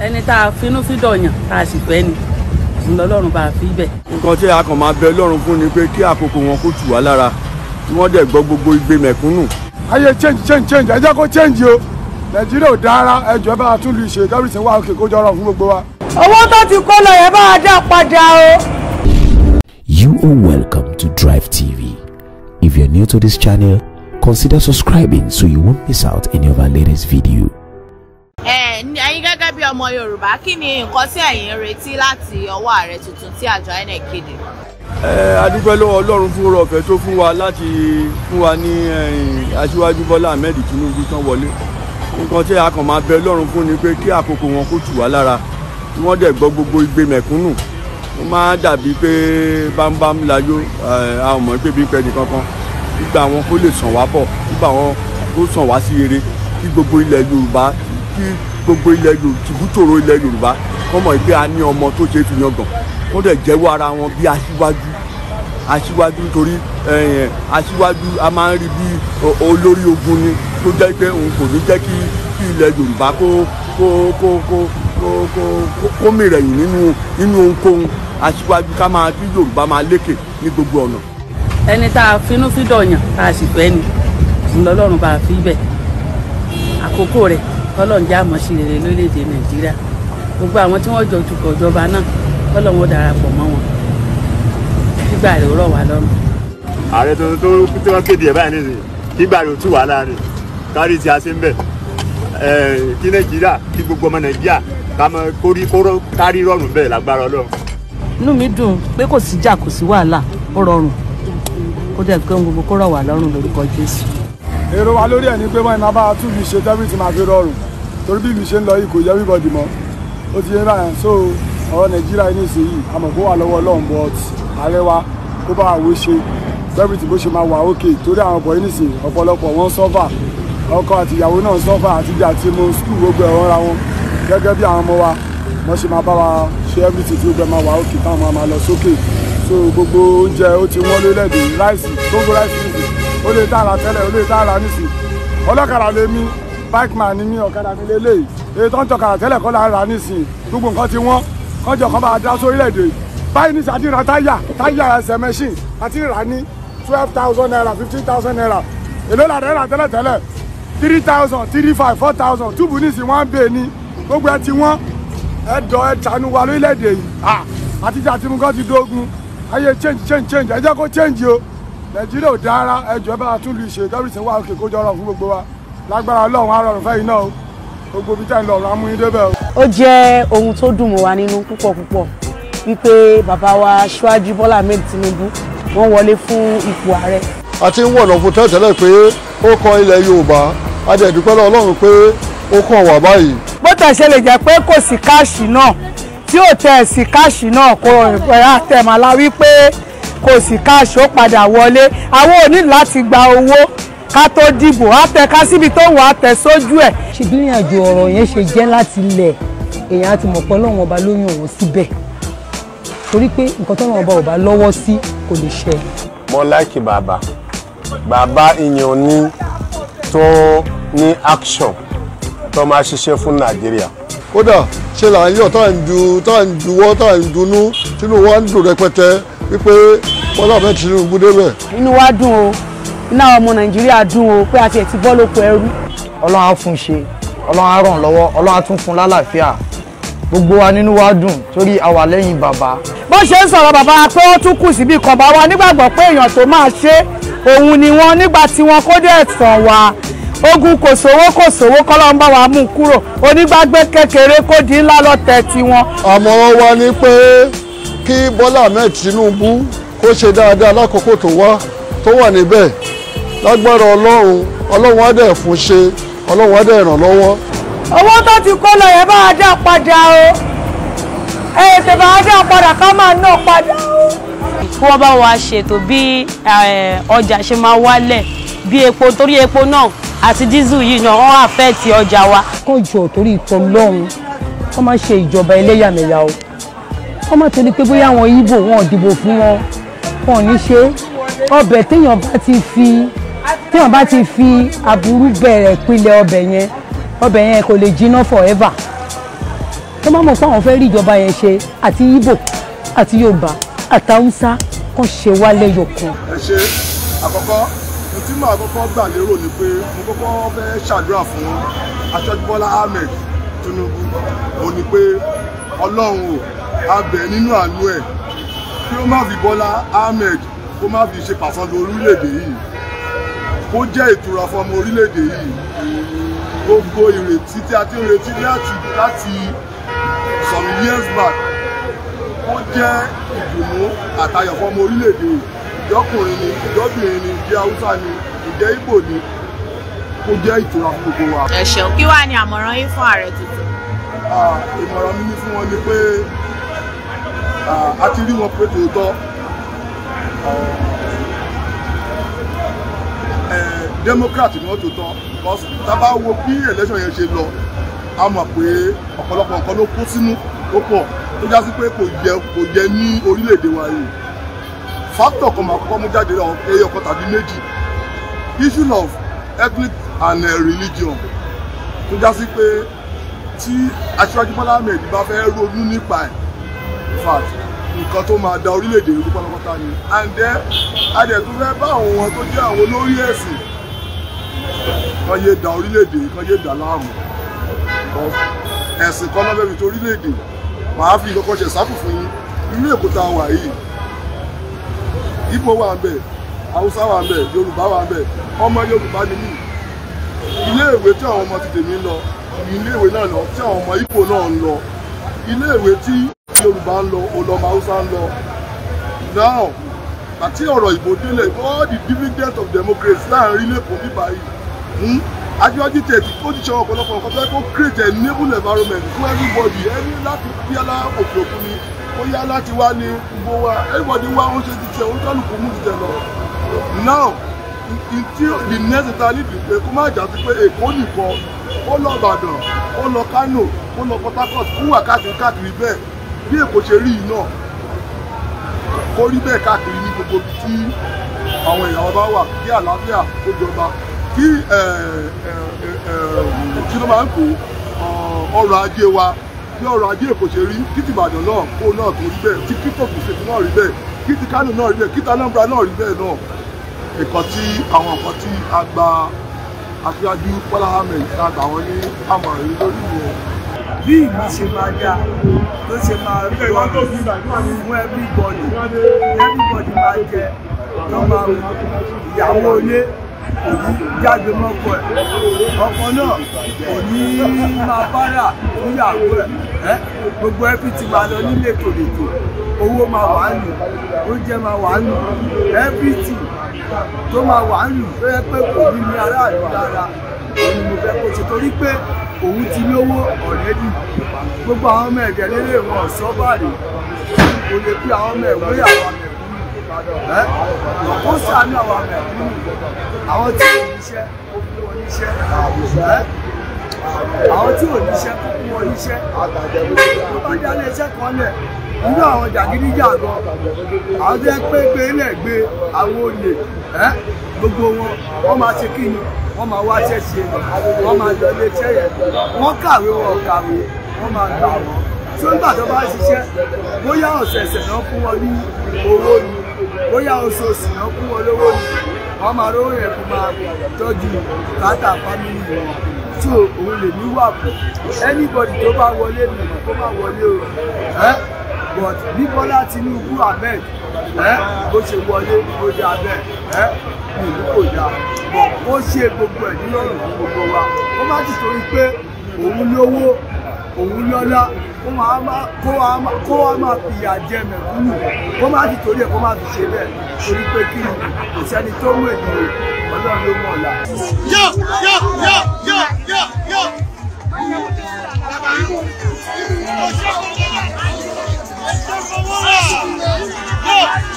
ẹni tá a finú fi dọ̀yàn tá a sì fẹ́ ni ńlọlọ́run bá a fi bẹ̀. nǹkan tí a kàn máa bẹ lọ́run fún ni pé kí àkókò wọn kó tù wá lára kí wọ́n dẹ̀ gbọ́ gbogbo igbe mẹ̀kúnnù. ayé change change change ẹ kó change o nàìjíríà ò dára ẹ bá a tún lu ìṣe gábíyèsí wa òkè kó jọrọ fún gbogbo wa. owó tó ti kó lọ yẹn bá a dá padà o. You are welcome to Drive TV. If you're new to this channel, consider subscribing so you won't miss out any of our latest video. ẹ eh, ayíká nílẹ̀ ọmọ Yorùbá kí ni nǹkan tí ẹ̀yin ń retí láti ọwọ́ ààrẹ tuntun tí àjọ INEC kéde. a dúpẹ́ lọ́wọ́ Ọlọ́run fún oore ọ̀fẹ́ tó fún wa láti fún wa ní aṣíwájú Bọ́lá Ahmed Tinubu tán wọlé nǹkan tí a kàn máa bẹ Ọlọ́run fún ni pé kí àkókò wọn kó tù wá lára kí wọ́n dẹ̀ gbọ́ gbogbo igbe mẹ̀kúnnù ó máa dàbí pé bámbám láyọ̀ a ò mọ̀ pé bí pẹ́ nìkankan gbígbà wọn kó lè sàn wá bọ̀ gbígbà wọn kó sàn wá sí eré kí gbogbo ilẹ̀ Yorùbá kí gbogbo ilẹ̀ yorùbá tìbútòrò ilẹ̀ yorùbá kọ́ mọ̀ pé a ní ọmọ tó ṣe é fi yangàn kó dẹ̀ jẹ́wọ́ ara wọn bí aṣíwájú aṣíwájú torí eh, aṣíwájú a máa ń rí bí olórí ogun ni tó jẹ́ pé òun kò ní jẹ́ kí ilẹ̀ yorùbá kó kó kó kó kó kó kó mìrẹ̀yìn nínú nínú ohunkóhun aṣíwájú ká máa kí yorùbá máa lékè ní gbogbo ọ̀nà. ẹni tá a finú fídọ̀ yàn tá a sì fẹ́ ni ńlọlọ́run bá a fi bẹ̀ àkókò rẹ̀ ọlọ́run já mọ̀ sí rere lórílẹ̀ nàìjíríà gbogbo àwọn tí wọ́n jọ tukọ̀ ìjọba náà ọlọ́run ó darapọ̀ wọn gbígbà rẹ̀ ó rọ̀ wá lọ́rùn. ààrẹ tuntun tó tí wọ́n kéde ẹ̀ báyìí nìyí gbígbà rẹ̀ ó tù wá láàrin kárí tí a ṣe ń bẹ̀ kí nàìjíríà kí gbogbo ọmọ nàìjíríà ká mọ kórí kóró kárí rọrùn bẹ́ẹ̀ lágbára ọlọ́run. inú mi dùn pé kò sí jà kò sí wàhálà ó rọrùn kó dẹ̀ pé gbogbo kó rọ̀ wá lọ́rùn lórúkọ jésù èrò wa lórí ẹ̀ ní pé wọ́n iná bá tún lè ṣe tẹ́bìtì máa fi rọrùn torí bí ìlú ṣe ń lọ yìí kò yẹ everybody mọ́ ó ti yẹ báyìí so ọ̀rọ̀ nàìjíríà ní ìsinyìí àmọ̀ kó wà lọ́wọ́ ọlọ́run but ààrẹ wa kó bá àwo ṣe tẹ́bìtì bó ṣe máa wà ókè torí àwọn ọ̀bọ̀ yìí nìsín ọ̀pọ̀lọpọ̀ wọ́n sọ́fà ọkọ àti ìyàwó náà sọ́fà àti ìjà tí mo skul gbogbo ẹ̀rọ ra wọn gẹ́gẹ́ bí àwọn ọmọ wa wọ́n ṣe máa bá wa ṣe everything tí ó gbẹ máa wà ókè táwọn máa lọ sókè so gbogbo oúnjẹ ó ti wọ́n lólẹ́dẹ̀ẹ́ ráìsì gbogbo ráìsì nìyí ó lè dára tẹ́lẹ̀ ó lè dára nísìnyí ọlọ́kadà lè mí bike man ni mí ọ̀kadà mi lè léyìí èyí tó ń tọkadà tẹ́lẹ̀ kọ́ lára nísìnyí gbogbo nǹkan ti wọ́n kọ́jọ kan bá a dá sórílẹ̀-èdè báyìí ní sàdí ra táyà táyà ẹsẹ̀ mẹ́ṣìn àti rà ní twelve thousand naira fifteen thousand naira èló làdẹ́ rà tẹ́lẹ̀ tẹ́lẹ̀ three thousand three five four thousand túbù ní ìsìn wọn bèè ni gbogbo ẹ ti wọ́n ẹ dọ̀ ẹ tànú wa lórílẹ̀-èdè yìí àtijọ́ àtinúkọ́ ti dógun ayé change change change ẹ jẹ́ kó change o nàìjíríà ò dára ẹjọ́ ẹ bá wa tún lu ìṣe gọ́bìrìsì wà òkè kó jọrọ fún gbogbo wa lágbára ọlọ́run á rọrùn fẹ́yìn náà o gbogbo ibi tá ẹ lọ́rùn ó jẹ́ ohun tó dùn mọ́ wa nínú púpọ̀ púpọ̀ wípé bàbá wa ṣíwájú bọ́lá ahmed tinubu wọ́n wọlé fún ipò ààrẹ. a ti ń wọ̀ lọ fún tẹ́tẹ́lẹ̀ pé ó kọ ilẹ̀ yorùbá a dẹ̀ dúpẹ́ lọ́wọ́ ọlọ́run pé ó kàn wá báyìí. bó tẹ̀ ṣe lè jẹ́ pé kò sí káàṣì náà tí ò tẹ̀ sí káàṣì náà kò rẹ̀ àtẹ̀mọ́lá wípé kò sì káàṣó padà wọlé àwọn ò ní láti gba owó ká tó dìbò àtẹ̀ká síbi tó wà àtẹ̀ sójú ẹ̀. ṣe bí ìrìnàjò ọ̀rọ̀ yẹn ṣe jẹ́ láti ilẹ̀ èèyàn àti mọ̀pọ̀ lọ́wọ́n ọba lóyún òun síbẹ̀ torí pé nǹkan tọ́wọ́n ọba ò lọ́wọ́ sí kò lè ṣe. mo láìkì bàbá bàbá ìyẹn òní tó ní action tó máa ṣiṣẹ́ fún nàìjíríà. kódà ṣe làwọn ilé ọ̀ tó ń ju tó ń juwọ́ tó ń dunú tínú wọn ń dùn rẹpẹtẹ wípé bọ́lá bẹ́ẹ̀ Tinubu débẹ̀. inú wa dùn o iná ọmọ nàìjíríà dùn o pé a tiẹ̀ ti bọ́ lóko ẹrú. ọlọ́run á fún un ṣe ọlọ́run á ràn lọ́wọ́ ọlọ́run á tún fún un lálàáfíà gbogbo wa nínú wa dùn torí a wà lẹ́yìn bàbá. bó ṣe ń sọ̀rọ̀ bàbá pé ó tún kù síbi kan wa nígbàgbọ́ pé èèyàn tó máa ṣe òun ni wọ́n nígbà tí wọ́n kó dé ẹ̀sán wa ogun kò sówó kò sówó kọ́lọ́ ń bá wa mú kúrò onígbàgbé kékeré kó di ńlá lọ́tẹ̀ tiwọn. àmọ́ wọ́n wá pé kí Bọ́lá Ahmed Tinubu kó ṣe dáadáa lákòókò tó wá tó wà níbẹ̀ lágbára Ọlọ́run Ọlọ́run á dẹ̀ fún ṣe Ọlọ́run á dẹ̀ ràn lọ́wọ́. owó tó ti kó lọ yẹn bá a dá padà o ètò bá a dá padà ká máa ná padà o. wọ́n bá wa ṣètò bí ọjà ṣe máa wálẹ̀ bí epo torí epo náà àti dísù yìí náà wọ́n àfẹ́ẹ̀tì ọjà wa. kọjọ torí ìtọ́ lọ́run kó má ṣe ìjọba ẹlẹ́yàmẹ̀yà o kọ́mọ̀ tó ní pé bóyá àwọn Ìgbò wọn ò dìbò fún wọn wọn ò ní ṣe ọbẹ̀ téèyàn bá ti fi téèyàn bá ti fi aburú bẹ̀rẹ̀ pinlẹ̀ ọbẹ̀ yẹn ọbẹ̀ yẹn kò lè jiná forever tó má mọ̀ pé àwọn fẹ́ rí ìjọba yẹn ṣe àti Ìgbò àti Yorùbá àti Haúsá kan ṣe wá lẹ́yọ̀ kan. ẹ ṣe àkọ́kọ́ mo ti máa kọ́kọ́ gbà lérò ni pé mo kọ́kọ́ fẹ́ ṣàdúrà fún Aṣọ́jú Bọ́lá Ahmed Tinubu mo ní pé ọlọ́run o abẹ nínú àánú ẹ̀ kí ó má fi Bọ́lá Ahmed kó má fi ṣe pàṣán lo orílẹ̀-èdè yìí kó jẹ́ ìtura fún ọmọ orílẹ̀-èdè yìí gbogbo ìrètí tí a ti ń retí láti láti some years back ó jẹ́ ìdùnnú àtayọ̀ fún ọmọ orílẹ̀-èdè yìí ìjọkùnrin ni ìjọbìnrin ni ìjẹ́ haúsá ni ìjẹ́ ìgbò ni kó jẹ́ ìtura fún gbogbo wa. ẹ ṣeun kí wàá ní àmọ̀ràn yín fún ààrẹ tuntun ìmọ̀ràn mi ní fún wọn ni pé a ti rí wọn pé tòótọ́ democrat ni wọ́n tòótọ́ because tábà wo bí election yẹn ṣe lọ a mọ̀ pé ọ̀pọ̀lọpọ̀ nǹkan ló kó sínú ó pọ̀ tó já sí pé kò yẹ kò yẹ ní orílẹ̀-èdè wa yìí factor kan máa kọ́kọ́ mú jáde ẹyọ kan tàbí méjì issue of ethnic and eh, religion tó já sí pé tí aṣíwájú bọ́lá ahmed bá fẹ́ ronú nípa ẹ̀ fact nǹkan tó máa da orílẹ̀-èdè ìlú pátápátá ni and then adẹ̀tún fẹ́ bá àwọn tó jẹ́ àwọn olórí ẹ̀sìn kan yé da orílẹ̀-èdè kan yé da láàmú ẹ̀sìn kan lọ́fẹ́ fi torílẹ̀-èdè màá fi kọ́kọ́ ṣe sáfù fún yín irú èkó tá a wà yìí ibo wà ń bẹ haúsá wà ń bẹ yorùbá wà ń bẹ ọmọ yorùbá ni mí ilé tí àwọn ọmọ ti tèmi ń lọ iléèwé náà lọ tí àwọn ọmọ Ìgbò náà lọ iléèwé tí Yorùbá ń lọ olọmọ Haúsá ń lọ now àti ọ̀rọ̀ ìbò délẹ̀ all the dividends of democracy láàrin lẹ́kọ̀ọ́ bíbá yìí Ajíbájí tẹ̀sí ó ọ̀pọ̀lọpọ̀ nǹkan tó yẹ kó create a enable environment fún everybody ẹni láti yálà òkè òkun ni ó yá láti wá ní gbogbo wa everybody wá ó ṣe ti tẹ̀ ó tọ́lùkù mú ti tẹ̀ lọ now until the next time ní ìdìbò kó má jà sí pé Èkó nìkan ó lọ ìbàdàn ó lọ kánò ó lọ port harcourt kó wà káàkiri káàkiri bẹ́ẹ̀ bí èkó ṣe rí yìí náà kó rí bẹ́ẹ̀ káàkiri ní gbogbo ibi tí àwọn èèyàn bá wà kí àlàáfíà kó jọba kí kí ló máa ń kó ọrọ̀ ajé wa bí ọrọ̀ ajé èkó ṣe rí kí tìbàdàn náà kó náà tó rí bẹ́ẹ̀ tí kí tòkù ṣètò náà rí bẹ́ẹ̀ kí ti kánò náà rí bẹ́ẹ̀ kí ti anambra náà rí bẹ́ẹ̀ náà nǹkan tí àwọn nǹkan tí a gba aṣíwájú Bọ́lá Ahmed àtàwọn ní àmọ̀ràn lórí ìwọ. bí ìlú ṣe máa dá ló ṣe máa rọ fún everybody everybody máa jẹ tó máa wù ìyàwó ilé kò jáde mọ́kọ ẹ̀ ọkọ náà kò máa bára níyàwó ẹ̀ gbogbo ẹbí ti máa lọ nílé tòlètò owó máa wà nù oúnjẹ máa wà nù everything tó máa wà ń lù tó pé kò ní ní aráàlú dára òun mo fẹ́ kó ṣe torí pé òun ti lówó ọ̀rẹ́dì gbogbo àwọn ọmọ ẹ̀jẹ̀ lélẹ̀ wọn ọ̀sọ́ bàrẹ̀ kò lè bí àwọn ọmọ ẹ̀wé àwọn mẹ̀kúnnù ó sàánú àwọn mẹ̀kúnnù àwọn tí ò níṣẹ́ ó fún wọn níṣẹ́ àwọn tí ò níṣẹ́ kó fún wọn níṣẹ́ tó bá dá lé iṣẹ́ kan lẹ̀ ndị àwọn jàgídíjàgọ àwọn tó yẹ pé pé àwọn olè gbogbo wọn ọ máa ṣe kí ni wọ́n máa wá ṣẹ́ṣe wọ́n máa lọ ilé kàwé wọn kàwé wọ́n máa gbà wọ́n ń bá ṣiṣẹ́ bóyá ọ̀sẹ̀ẹ̀sẹ̀ náà fún wọn bóyá oṣooṣù náà fún wọn lówó ni máa tọ́jú kátà fámìlì wọn tí òun lè ní but bí Bọ́lá Tinubu Ahmed bó ṣe wọlé bó dá bẹ́ẹ̀ ìlú kò dáa bọ̀ ó ṣe gbogbo ẹ̀ nílọ́rùn fún gbogbo wa ó má ti torí pé òun lówó òun lọ́lá kó wa máa fìyà jẹ mẹ̀kúnnù kó má ti torí ẹ̀ kó má fi ṣe bẹ́ẹ̀ torí pé kí ni kò sẹ́ni tó mú ènìyàn ọlọ́run ló mọ̀ ọ̀la. yọ yọ yọ yọ yọ.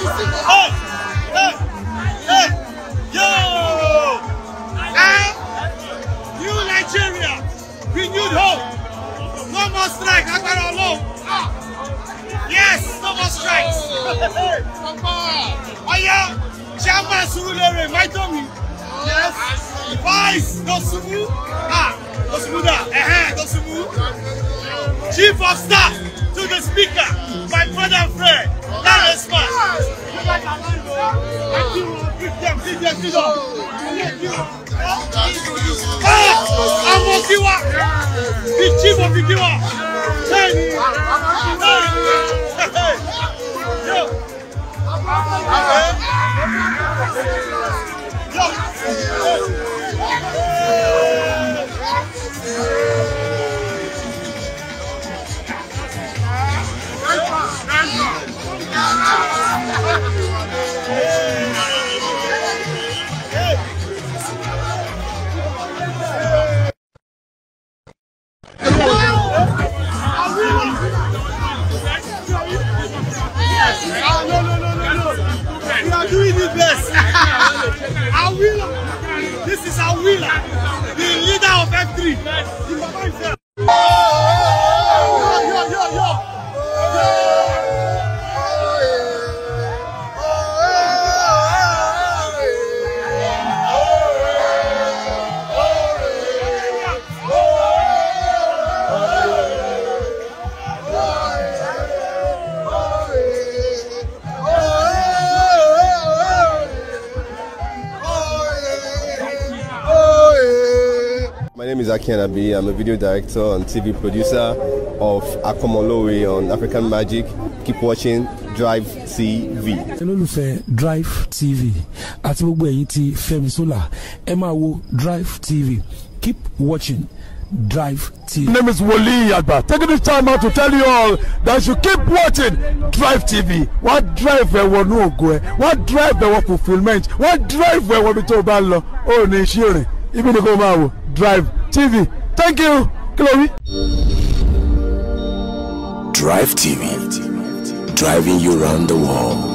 Hey! Hey! Yo! And new Nigeria, renewed hope. No more strike, agbára Ọlọ́run. Yes, no more strikes. Ọya, Chairman Surulere, my dummy. Yes. Vice, no Suru. Ah tó ṣubú dà chief of staff to the speaker my brother and friend lálẹ́ smart. ọmọ Gíwá the chief of the Gíwá. Yo! Yo! Ei! name is Akian Abi. I'm a video director and TV producer of Akomolowe on African Magic. Keep watching Drive TV. olólùfẹ́ Drive TV àti gbogbo ẹ̀yin ti Fẹ́mi Sola ẹ máa wo Drive TV. Keep watching. Drive TV. My name is Wole Agba. Taking this time out to tell you all that you keep watching Drive TV. Wọ́n drive ẹ̀wọ̀ ní ògo ẹ̀, wọ́n drive ẹ̀wọ̀ fulfilment, wọ́n drive ẹ̀wọ̀ bí tó o bá lọ, ó ní iṣẹ́ rìn, ibi ni kò máa wò Drive TV. Thank you, Chloe. Drive TV, driving you around the world.